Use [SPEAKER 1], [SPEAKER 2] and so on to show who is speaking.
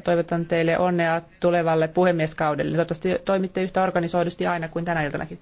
[SPEAKER 1] toivotan teille onnea tulevalle puhemieskaudelle. Toivottavasti toimitte yhtä organisoidusti aina kuin tänä iltanakin.